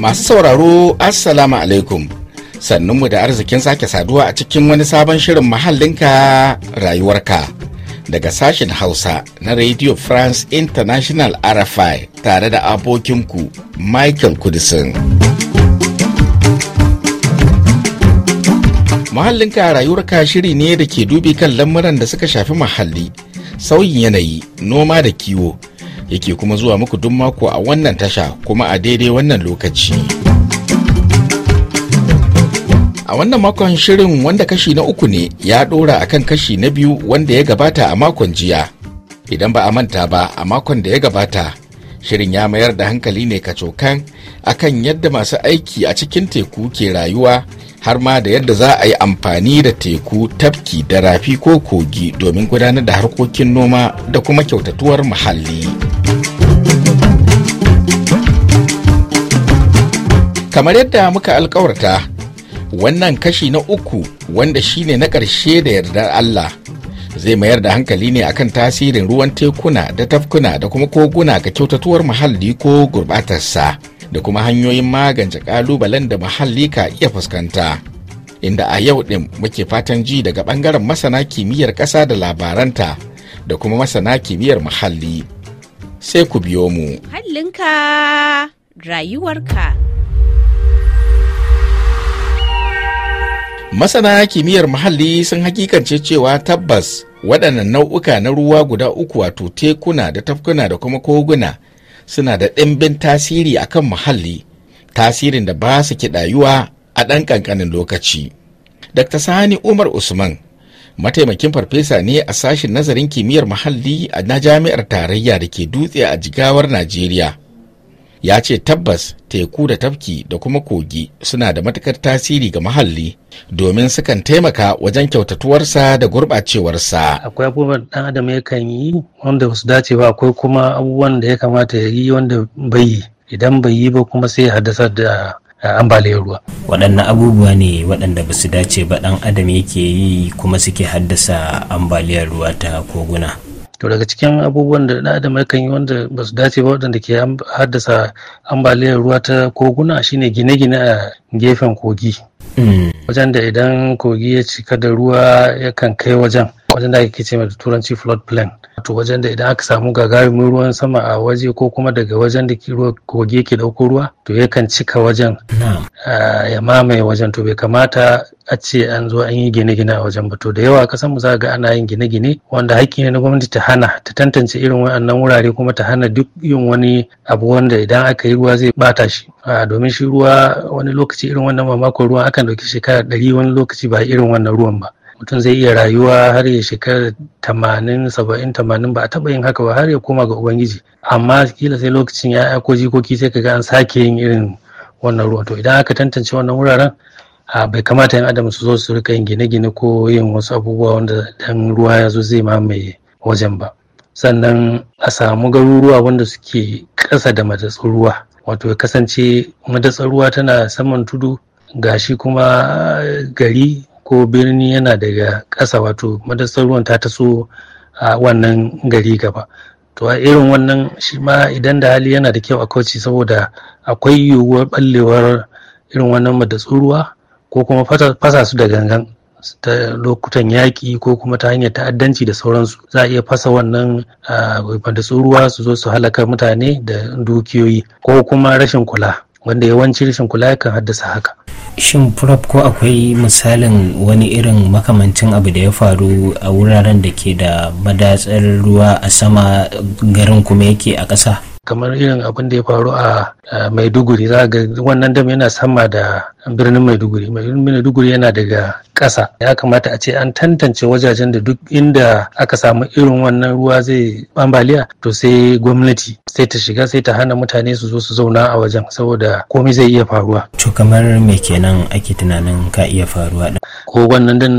Masu sauraro Assalamu alaikum. Sannunmu da arzikin sake saduwa a cikin wani sabon shirin mahallinka rayuwarka. Daga sashen Hausa na Radio France International RFI tare da abokinku Michael Kudisin. Mahallinka rayuwarka shiri ne da ke dubi kan lamuran da suka shafi mahalli, sauyin yanayi, noma da kiwo. yake kuma zuwa muku duk mako a wannan tasha kuma a daidai wannan lokaci. A wannan makon shirin wanda kashi na uku ne ya ɗora kan kashi na biyu wanda ya gabata a makon jiya. Idan ba a manta ba a makon da ya gabata, shirin ya mayar da hankali ne kacokan akan yadda masu aiki a cikin teku ke rayuwa har ma da yadda za a yi amfani da teku tafki da rafi ko kogi domin gudanar da harkokin noma da kuma kyautatuwar muhalli. kamar yadda muka alkawarta wannan kashi na uku wanda shine na ƙarshe da yardar allah zai mayar da hankali ne akan tasirin ruwan tekuna da tafkuna da kuma koguna ga kyautatuwar muhalli ko gurbatarsa da kuma hanyoyin magance kalubalen da muhalli ka iya fuskanta inda a yau ɗin muke fatan ji daga ɓangaren masana kimiyyar ƙasa da labaranta da kuma masana kimiyyar muhalli sai ku biyo mu hallinka rayuwarka masana kimiyyar muhalli sun hakikance cewa tabbas waɗannan nau'uka na ruwa guda uku wato tekuna da tafkuna da kuma koguna suna da ɗimbin tasiri a kan muhalli tasirin da ba su kiɗayuwa a ɗan ƙanƙanin lokaci dr sani umar usman mataimakin farfesa ne a sashen nazarin kimiyyar muhalli a na jami'ar tarayya da ke dutse a jigawar najeriya ya ce tabbas teku da tafki da kuma kogi suna da matukar tasiri ga muhalli domin sukan taimaka wajen kyautatuwarsa da gurɓacewarsa. akwai abubuwan ɗan adam yakan yi wanda su dace ba akwai kuma abubuwan da ya kamata ya yi wanda bai yi idan bai yi ba kuma sai ya haddasa da ambaliyar ruwa. waɗannan abubuwa ne waɗanda ba su dace ba ɗan adam yake yi kuma suke haddasa ambaliyar ruwa ta koguna. to daga cikin abubuwan da na adam kan yi wanda ba su dace ba wadanda ke haddasa ambaliyar ruwa ta koguna shine gine-gine a gefen kogi mm. wajen da idan kogi ya cika da ruwa yakan kai wajen wajen da ake ce mai turanci flood plain to wajen da idan aka samu gagarumin ruwan sama a waje ko kuma daga wajen da ke koge ke dauko ruwa to ya kan cika wajen ah, ya mamaye wajen to bai kamata a ce an zo an yi gine-gine a wajen ba to da yawa kasan mu za ga ana yin gine-gine wanda haƙƙi ne na gwamnati ta hana ta tantance irin wannan wurare kuma ta hana duk yin wani abu wanda idan aka yi ruwa zai bata shi domin shi ruwa wani lokaci irin wannan mamakon ruwa akan ɗauki shekara ɗari wani lokaci ba irin wannan ruwan ba mutum zai iya rayuwa har ya shekara tamanin saba'in tamanin ba a taba yin haka ba har ya koma ga ubangiji amma kila sai lokacin ya ko jikoki sai kaga an sake yin irin wannan ruwa. to idan aka tantance wannan wuraren bai kamata yan adam su zo su rika yin gine-gine ko yin wasu abubuwa wanda dan ruwa ya zo zai mamaye wajen ba sannan a samu garuruwa wanda suke kasa da madatsar ruwa wato ya kasance madatsar ruwa tana saman tudu gashi kuma gari ko birni yana daga ƙasa wato madasar ruwan ta taso a wannan gari gaba to a irin wannan shi ma idan da hali yana da kyau a kauce saboda akwai yiwuwar ɓallewar irin wannan madatsun ruwa ko kuma fasa su da gangan ta lokutan yaƙi ko kuma ta hanyar ta'addanci da sauransu za a iya fasa wannan madatsun ruwa su zo su halaka mutane da dukiyoyi ko kuma rashin kula wanda yawanci rashin kula yakan haddasa haka shin prop ko akwai misalin wani irin makamancin abu da ya faru a wuraren da ke da madatsar ruwa a sama garin kuma yake a ƙasa kamar irin abin da ya faru a maiduguri za ga wannan dam yana sama da birnin maiduguri maiduguri yana daga ƙasa ya kamata a ce an tantance wajajen da duk inda aka samu irin wannan ruwa zai ambaliya to sai gwamnati sai ta shiga sai ta hana mutane su zo su zauna a wajen saboda komai zai iya faruwa to kamar me kenan ake tunanin ka iya faruwa din ko wannan din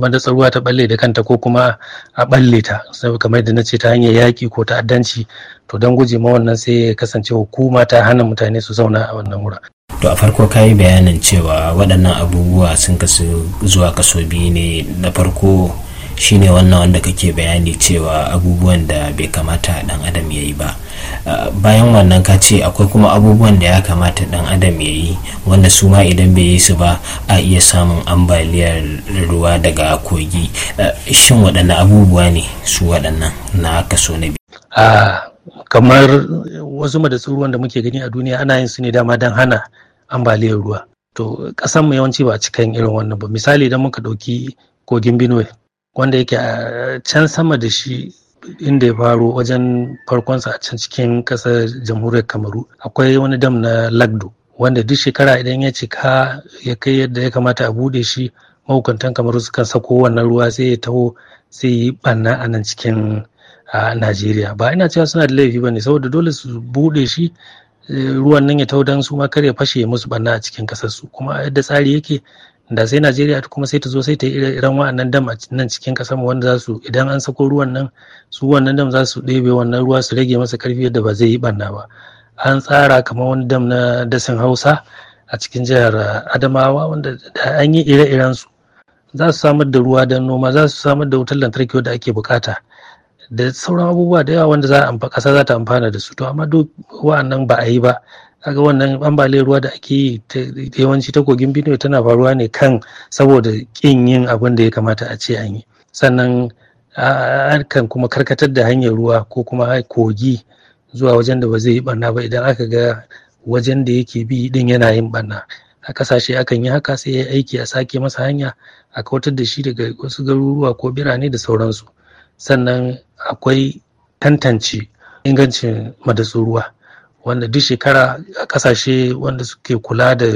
madatsar ruwa ta balle da kanta ko kuma a balle ta kamar da na ce ta hanyar yaƙi ko ta'addanci to don guje ma wannan sai ya kasance hukuma ta hana mutane su zauna a wannan wura. to a farko ka yi bayanin cewa waɗannan abubuwa sun kasu zuwa kaso biyu ne na farko shine wannan wanda kake bayani cewa abubuwan da bai kamata dan adam ya yi ba bayan wannan ka ce akwai kuma abubuwan da ya kamata dan adam ya yi wanda su ma idan bai yi su ba a iya samun ambaliyar ruwa daga kogi shin waɗannan abubuwa ne su waɗannan na kaso na biyu kamar wasu madatsun ruwan da muke gani a duniya ana yin su ne dama don hana ambaliyar ruwa to kasan mu yawanci ba cikin irin wannan ba misali idan muka ɗauki kogin benue wanda yake a can sama da shi inda ya faro wajen farkonsa a can cikin ƙasar jamhuriyar kamaru akwai wani dam na lagdo wanda duk shekara idan ya cika ya kai yadda ya kamata a bude shi mahukuntan kamaru sukan sako wannan ruwa sai ya taho sai yi banna a nan cikin najeriya ba ina cewa suna da laifi ba ne saboda dole su bude shi eh, ruwan nan ya taho don su ma kar ya fashe musu banna a cikin kasar su kuma yadda tsari yake da sai najeriya kuma sai ta zo sai ta yi irin wa'annan dam a nan cikin kasar wanda za su idan an sako ruwan nan su wannan dam za su ɗebe wannan ruwa su rage masa karfi yadda ba zai yi banna ba an tsara kamar wani dam na dasin hausa a cikin jihar adamawa wanda da an yi ire-iren su za su samar da ruwa don noma za su samar da wutar lantarki wadda ake bukata da sauran abubuwa da yawa wanda za a ƙasa za ta amfana da su to amma duk wa'annan ba a yi ba kaga wannan ambaliyar ruwa da ake yi ta yawanci ta kogin Benue tana faruwa ne kan saboda kin yin abin da ya kamata a ce an yi sannan kan kuma karkatar da hanyar ruwa ko kuma kogi zuwa wajen da ba zai yi barna ba idan aka ga wajen da yake bi din yana yin barna a kasashe akan yi haka sai ya aiki a sake masa hanya a kautar da shi daga wasu garuruwa ko birane da sauransu sannan akwai tantance ingancin madatsun ruwa wanda duk shekara kasashe wanda suke kula da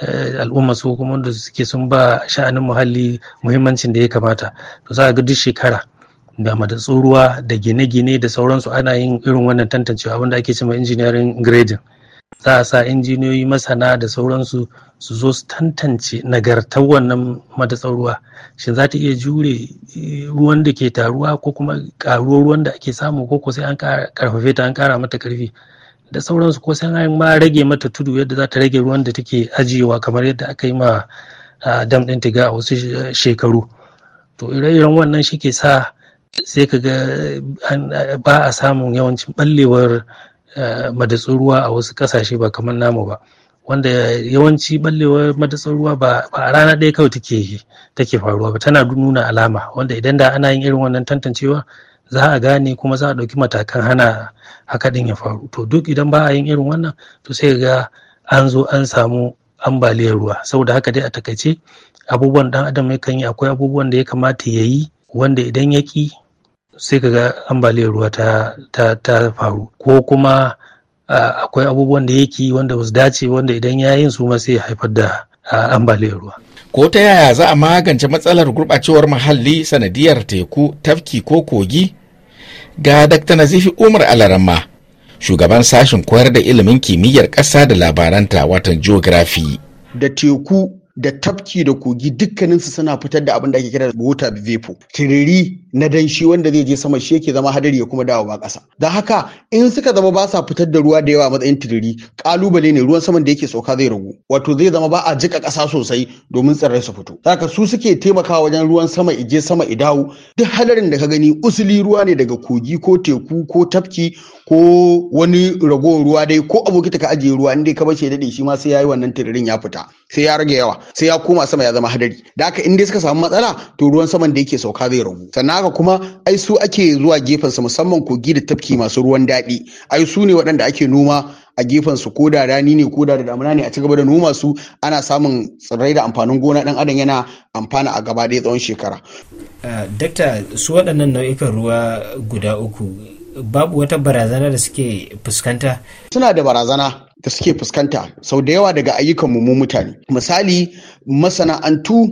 eh, al'umma su kuma wanda suke sun ba sha'anin muhalli muhimmancin da ya kamata to za a ga duk shekara da madatsun da gine-gine da sauransu ana yin irin wannan tantancewa wanda ake cewa engineering grading za a sa injiniyoyi masana da sauransu su zo su tantance nagartar wannan madatsar shin za ta iya jure eh, ruwan da ke taruwa ko kuma karuwar ruwan da ake samu ko sai an karfafe ta an kara mata karfi da sauransu ko sai an ma rage mata tudu yadda za ta rage ruwan da take ajiyewa kamar yadda aka yi ma dam ɗin ga a wasu eh, shekaru to ire-iren wannan shi ke sa sai ka ga ba a samun yawancin ɓallewar eh, madatsun ruwa a wasu ƙasashe ba kamar namu ba wanda yawanci ɓallewar madatsun ruwa ba a rana ɗaya kawai take faruwa ba tana nuna alama wanda idan da ana yin irin wannan tantancewa za a gane kuma za a ɗauki matakan hana haka ɗin ya faru to duk idan ba a yin irin wannan to sai ga an zo an samu ambaliyar ruwa saboda haka dai a takaice abubuwan dan adam yakan yi akwai abubuwan da ya kamata ya yi wanda idan ya ki sai ka ga ambaliyar ruwa ta, faru ko kuma akwai abubuwan da yake wanda ba dace wanda idan ya yin su ma sai haifar da ambaliyar ruwa ko ta yaya za a magance matsalar gurɓacewar muhalli sanadiyar teku tafki ko kogi ga Dr. Nazifi Umar Alarama, shugaban sashen koyar da ilimin kimiyyar ƙasa da labaranta watan geography. Da teku da tafki da kogi dukkaninsu suna fitar da abin da ake kira da water vapor. Tiriri na danshi wanda zai je sama shi yake zama hadari ya kuma dawo ba ƙasa Da haka in suka zama ba sa fitar da ruwa da yawa a matsayin tiriri kalubale ne ruwan saman da yake sauka zai ragu wato zai zama ba a jika ƙasa sosai domin tsirrai su fito haka su suke taimakawa wajen ruwan sama ije sama idawu. duk hadarin da ka gani usuli ruwa ne daga kogi ko teku ko tafki ko wani ragowar ruwa dai ko abokita ka ajiye ruwa inda dai ka bace daɗe shi ma sai yayi wannan tiririn ya fita sai ya rage yawa sai ya koma sama ya zama hadari da haka in dai suka samu matsala to ruwan saman da yake sauka zai ragu sannan haka kuma ai su ake zuwa gefensa musamman kogi da tafki masu ruwan daɗi ai su ne waɗanda ake noma a gefensu ko da rani ne ko da damuna ne a cigaba da noma su ana samun tsirrai da amfanin gona ɗan adam yana amfana a gaba ɗaya tsawon shekara. Eh, dakta su waɗannan nau'ikan ruwa guda uku babu wata barazana da suke fuskanta? Suna da barazana da suke fuskanta sau da yawa daga ayyukan mu mutane. Misali masana'antu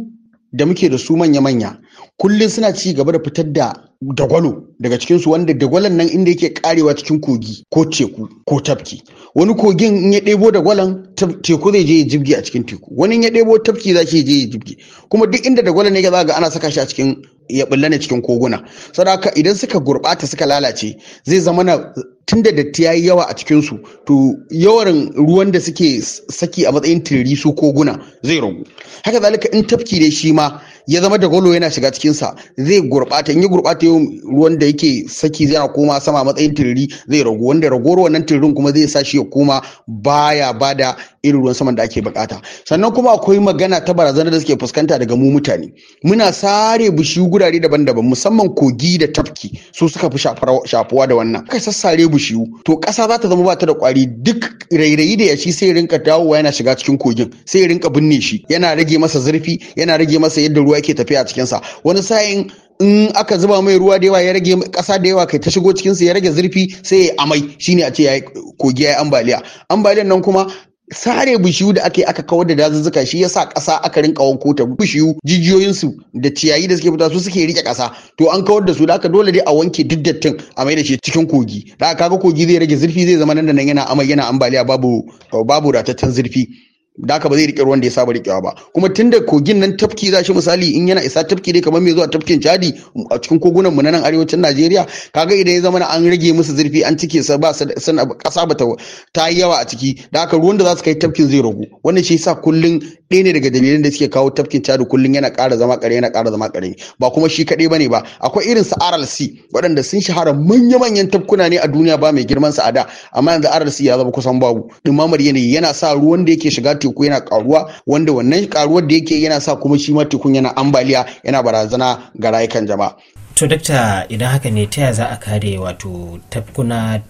da muke da su manya-manya kullum suna ci gaba da fitar da dagwalo daga cikinsu wanda dagwalon nan inda yake karewa cikin kogi ko teku ko tafki wani kogin in ya ɗebo dagwalon teku zai je ya jibgi a cikin teku wani in ya ɗebo tafki za shi je ya jibgi kuma duk inda dagwalon ne za ga ana saka shi a cikin ya bulla ne cikin koguna saboda idan suka gurɓata suka lalace zai zama na tunda datti yayi yawa a cikin su to yawan ruwan da suke saki a matsayin tiriri su koguna zai ragu haka zalika in tafki ne shi ma ya zama da golo yana shiga cikinsa zai gurɓata in ya gurɓata yau ruwan da yake saki yana koma sama matsayin tiriri zai ragu wanda ragowar wannan tiririn kuma zai sa shi ya koma baya bada irin ruwan saman da ake bukata sannan kuma akwai magana ta barazanar da suke fuskanta daga mu mutane muna sare bishiyu gurare daban-daban musamman kogi da tafki su suka fi shafuwa da wannan kai sassare bishiyu to kasa za ta zama ba ta da kwari duk rairayi da yashi sai rinka dawowa yana shiga cikin kogin sai rinka binne shi yana rage masa zurfi yana rage masa yadda ruwa yake tafiya a cikinsa wani sa'in in aka zuba mai ruwa da yawa ya rage kasa da yawa kai ta shigo cikinsa ya rage zurfi sai ya amai shine a ce ya kogi ya ambaliya ambaliyan nan kuma sare bishiyu da aka yi aka kawar da dazuzzuka shi yasa ƙasa aka rinka wanko ta bishiyu jijiyoyinsu da ciyayi da suke fita su suke rike ƙasa to an kawar da su da aka dole dai a wanke duk dattin a mai da shi cikin kogi da aka kaga kogi zai rage zurfi zai zama nan da nan yana amai yana ambaliya babu babu ratattun zurfi da haka ba zai rike ruwan da ya saba rikewa ba kuma tunda kogin nan tafki za shi misali in yana isa tafki dai kamar mai zuwa tafkin chadi a cikin kogunan mu na nan arewacin najeriya kaga idan ya zama an rage musu zurfi an cike sa ba sa kasa ba ta yi yawa a ciki da haka ruwan da za su kai tafkin zai ragu wannan shi yasa kullum. ɗaya ne daga dalilan da suke kawo tafkin cadu kullum yana ƙara zama ƙare yana ƙara zama ƙare ba kuma shi kaɗai ba ne ba akwai irin su RLC waɗanda sun shahara manya-manyan tafkuna ne a duniya ba mai girman sa a da amma yanzu RLC ya zama kusan babu dumamar yanayi yana sa ruwan da yake shiga teku yana ƙaruwa wanda wannan ƙaruwar da yake yana sa kuma shi ma tekun yana ambaliya yana barazana ga rayukan jama'a to dakta idan haka ne ta za a kare wato tafkuna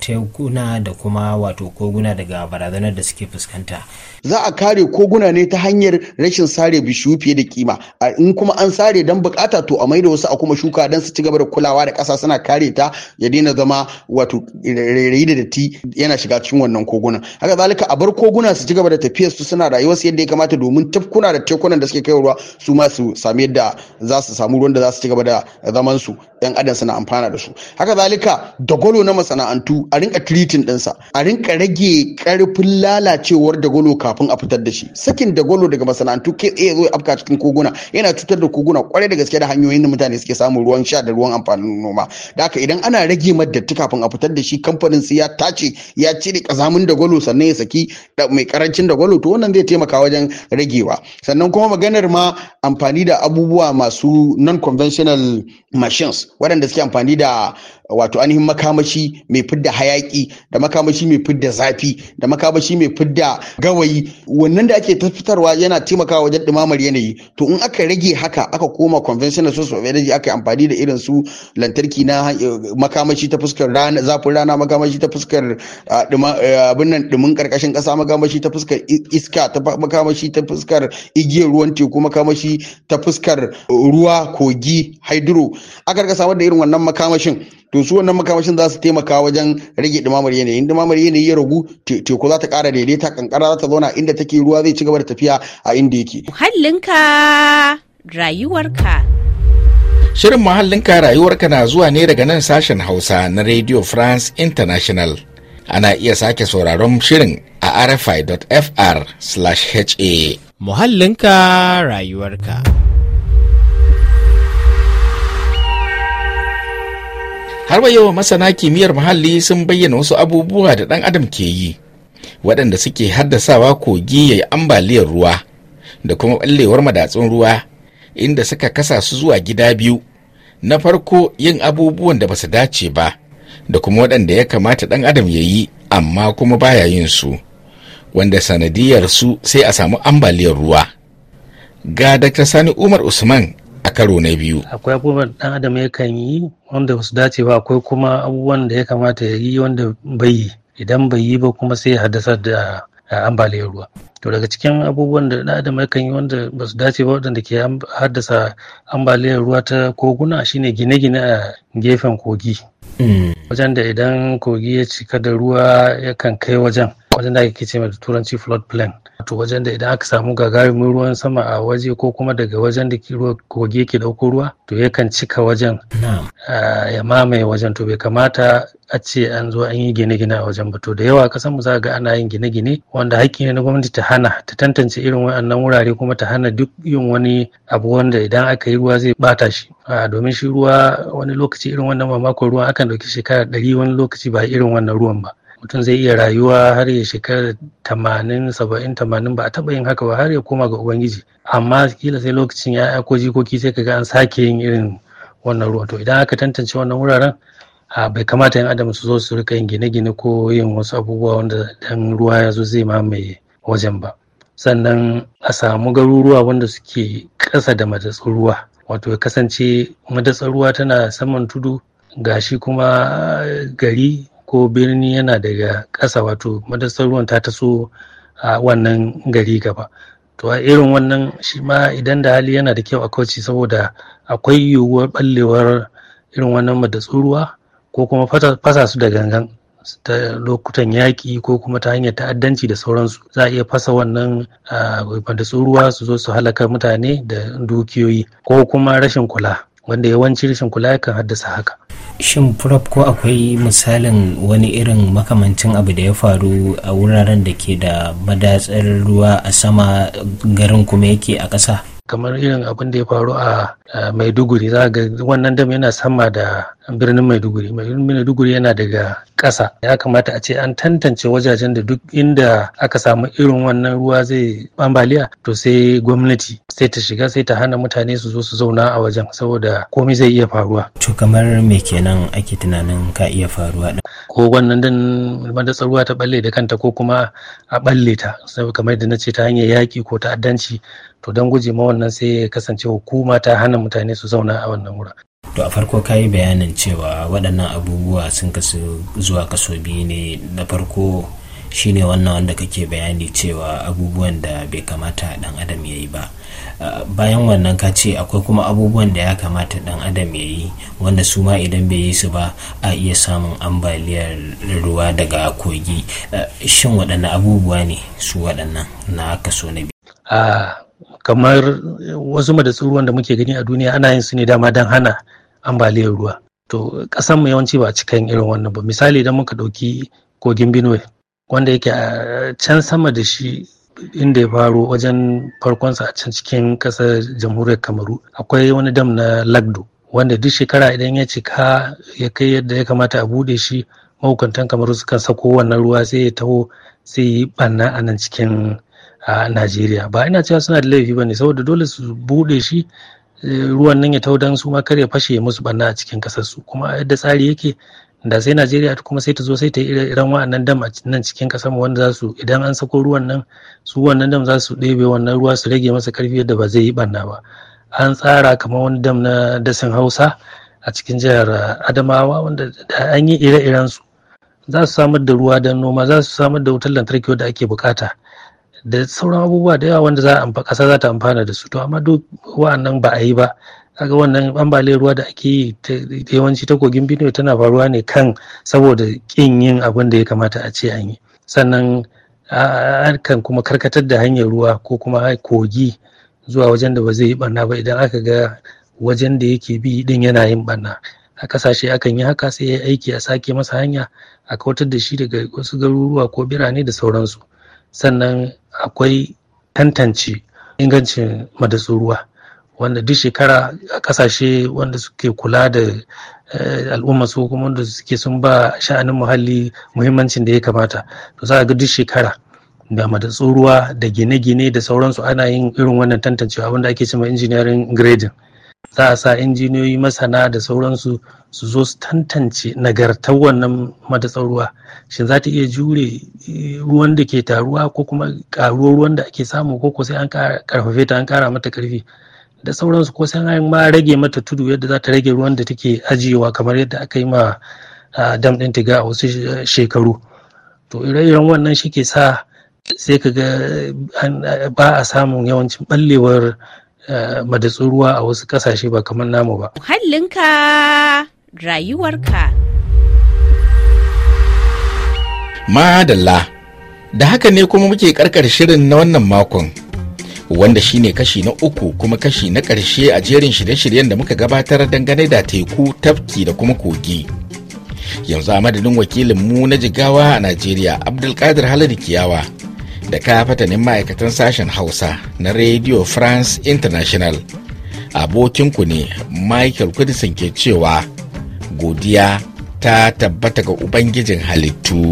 da kuma wato koguna daga barazanar da suke fuskanta za a kare koguna ne ta hanyar rashin sare bishiyu fiye da kima in kuma an sare don bukata to a maida wasu a kuma shuka don su ci gaba da kulawa da kasa suna kare ta ya daina zama wato rairayi da datti yana shiga cikin wannan kogunan haka zalika a bar koguna su ci gaba da tafiyar su suna rayuwa su yadda ya kamata domin tafkuna da tekunan da suke kai su ma su sami yadda za su samu ruwan da za su ci gaba da zaman su yan adam suna amfana da su haka zalika dagwalo na masana'antu a rinka tiritin dinsa a rinka rage karfin lalacewar dagwalo kafin a fitar da shi sakin dagwalo daga masana'antu ke tsaye zo afka cikin koguna yana cutar da koguna kwarai da gaske da hanyoyin da mutane suke samun ruwan sha da ruwan amfanin noma da haka idan ana rage maddatti datti kafin a fitar da shi kamfanin sai ya tace ya cire kazamin dagwalo sannan ya saki mai karancin dagwalo to wannan zai taimaka wajen ragewa sannan kuma maganar ma amfani da abubuwa masu non conventional machine machines waɗanda suke amfani da wato ainihin makamashi mai fidda hayaki da makamashi mai fidda zafi da makamashi mai fidda gawayi wannan da ake tafitarwa yana taimakawa wajen dumamar yanayi to in aka rage haka aka koma conventional source of energy aka amfani da irin su lantarki na eh, makamashi ta fuskar rana zafin rana makamashi ta fuskar ah, eh, abin nan dumin karkashin kasa makamashi ta fuskar iska ta makamashi ta fuskar igiyar ruwan teku makamashi ta fuskar ruwa kogi hydro aka rika samar da irin wannan makamashin to su wannan makamashin za su taimaka wajen rage dumamar yanayi dumamar yanayi ya ragu teku za ta ƙara daidaita kankara za ta zauna inda take ruwa zai ci gaba da tafiya a inda yake muhallinka rayuwarka Shirin muhallinka rayuwarka na zuwa ne daga nan sashen Hausa na Radio France International. Ana iya sake sauraron shirin a rfi.fr/ha. Muhallinka rayuwarka. har wa yau masana kimiyyar muhalli sun bayyana wasu abubuwa da ɗan adam ke yi waɗanda suke haddasawa kogi ya yi ambaliyar ruwa da kuma ɓallewar madatsun ruwa inda suka kasa su zuwa gida biyu na farko yin abubuwan da ba su dace ba da kuma waɗanda ya kamata ɗan adam ya yi amma kuma baya yin su wanda sanadiyar su sai a samu ambaliyar ruwa ga dr sani umar usman a karo na biyu. Akwai abubuwan ɗan adam yakan yi wanda su dace ba akwai kuma abubuwan da ya kamata ya yi wanda bai yi idan bai yi ba kuma sai ya haddasa da ambaliyar ruwa. To daga cikin abubuwan da ɗan adam yakan yi wanda ba su dace ba waɗanda ke haddasa ambaliyar ruwa ta koguna shine gine-gine a gefen kogi. Mm. Wajen da idan kogi ya cika da ruwa yakan kai wajen. wajen da ake ce da turanci flood plain to wajen da idan aka samu gagarumin ruwan sama a waje ko kuma daga wajen da ruwa koge ke dauko ruwa to yakan cika wajen ya mamaye wajen to bai kamata a ce an zo an yi gine-gine a wajen ba to da yawa kasan mu za ga ana yin gine-gine wanda haƙƙi ne na gwamnati ta hana ta tantance irin wannan wurare kuma ta hana duk yin wani abu wanda idan aka yi ruwa zai bata shi a domin shi ruwa wani lokaci irin wannan mamakon ruwan akan ɗauki shekara ɗari wani lokaci ba irin wannan ruwan ba mutum zai iya rayuwa har ya shekara tamanin saba'in tamanin ba a taba yin haka ba har ya koma ga ubangiji amma kila sai lokacin ya ko jikoki sai ka ga an sake yin irin wannan ruwa to idan aka tantance wannan wuraren bai kamata yan adam su zo su rika yin gine-gine ko yin wasu abubuwa wanda dan ruwa ya zo zai mamaye wajen ba sannan a samu garuruwa wanda suke kasa da madatsar ruwa wato ya kasance madatsar ruwa tana saman tudu gashi kuma gari ko birni yana daga ƙasa wato madasar ruwan ta taso a wannan gari gaba to a irin wannan shi ma idan da hali yana da kyau a kauce saboda akwai yiwuwar ɓallewar irin wannan madatsun ruwa ko kuma fasa su da gangan ta lokutan yaƙi ko kuma ta hanyar ta'addanci da sauransu za a iya fasa wannan madatsun ruwa su zo su halaka mutane da dukiyoyi ko kuma rashin kula wanda yawanci rashin kula yakan haddasa haka shin prop ko akwai misalin wani irin makamancin abu da ya faru a wuraren da ke da madatsar ruwa a sama garin kuma yake a ƙasa kamar irin abin da ya faru a maiduguri za ga wannan dam yana sama da birnin maiduguri maiduguri yana daga ƙasa ya kamata a ce an tantance wajajen da duk inda aka samu irin wannan ruwa zai ambaliya to sai gwamnati sai ta shiga sai ta hana mutane su zo su zauna a wajen saboda komai zai iya faruwa to kamar me kenan ake tunanin ka iya faruwa ko wannan din madatsar ruwa ta balle da kanta ko kuma a balle ta kamar da na ce ta hanyar yaki ko ta'addanci to don guje ma wannan sai ya kasance hukuma ta hana mutane su zauna a wannan wura to a farko ka yi bayanin cewa waɗannan abubuwa sun kasu zuwa kaso biyu ne na farko shine wannan wanda kake bayani cewa abubuwan da bai kamata dan adam ya yi ba bayan wannan ka ce akwai kuma abubuwan da ya kamata ɗan adam ya yi wanda su ma idan bai yi su ba a iya samun ambaliyar ruwa daga kogi shin waɗannan abubuwa ne su waɗannan na kaso na biyu ah, kamar wasu madatsun ruwan da muke gani a duniya ana yin su ne dama don hana ambaliyar ruwa to ƙasan mu yawanci ba cikin irin wannan ba misali idan muka ɗauki kogin benue wanda yake a can sama da shi inda ya faru wajen farkonsa a can cikin ƙasar jamhuriyar kamaru akwai wani dam na lagdo wanda duk shekara idan ya cika ya kai yadda ya kamata a bude shi mahukuntan kamaru sukan sako wannan ruwa sai ya taho sai yi ɓanna a nan cikin a najeriya ba ina cewa suna da laifi ba saboda dole su buɗe shi eh, ruwan nan ya tau dan su ma kar ya fashe musu banna a cikin kasar su kuma yadda tsari yake da sai najeriya kuma sai ta zo sai ta yi irin wa'annan dam a nan cikin kasar mu wanda za idan an sako ruwan nan su wannan dam za su ɗebe wannan ruwa su rage masa karfi yadda ba zai yi banna ba an tsara kamar wani dam na dasin hausa a cikin jihar adamawa wanda an yi ire-iren su za su samar da ruwa don noma za su samar da wutar lantarki wadda ake bukata da sauran abubuwa da yawa wanda za a ƙasa za ta amfana da su to amma duk wa'annan ba a yi ba kaga wannan ambaliyar ruwa da ake yi yawanci ta kogin bidiyo tana faruwa ne kan saboda ƙin yin abin da ya kamata a ce an yi sannan kan kuma karkatar da hanyar ruwa ko kuma kogi zuwa wajen da ba zai yi barna ba idan aka ga wajen da yake bi din yana yin barna a kasashe akan yi haka sai ya aiki a sake masa hanya a kautar da shi daga wasu garuruwa ko birane da sauransu sannan akwai tantance ingancin madatsun ruwa wanda duk shekara a kasashe wanda suke kula da eh, al'umma su kuma wanda suke sun ba sha'anin muhalli muhimmancin da ya kamata to za a ga duk shekara da madatsun ruwa da gine-gine da sauransu ana yin irin wannan tantancewa wanda ake cewa engineering grading za a sa injiniyoyi masana da sauransu su zo su tantance nagartar wannan madatsar shin za ta iya jure eh, ruwan da ke taruwa ko kuma karuwar ruwan da ake samu ko ko sai an karfafe ta an kara mata karfi da sauransu ko sai an ma rage mata tudu yadda za ta rage ruwan da take ajiyewa kamar yadda aka yi ma dam ɗin tiga a wasu shekaru to ire-iren wannan shi ke sa sai ka ga ba a samun yawancin ɓallewar Eh, madatsun ruwa a wasu kasashe ba kamar namu ba. Muhallinka rayuwarka. Madalla, da haka ne kuma muke karkar shirin na wannan makon. Wanda shi ne kashi na uku kuma kashi na ƙarshe a jerin shirye-shiryen da muka gabatar dangane da teku, tafki da kuma kogi. Yanzu a madadin wakilinmu na jigawa a Najeriya, Abdulkadir Halidu Kiyawa. da kafatanin ma'aikatan sashen hausa na radio france international abokinku ne michael kudisin ke cewa godiya ta tabbata ga ubangijin halittu.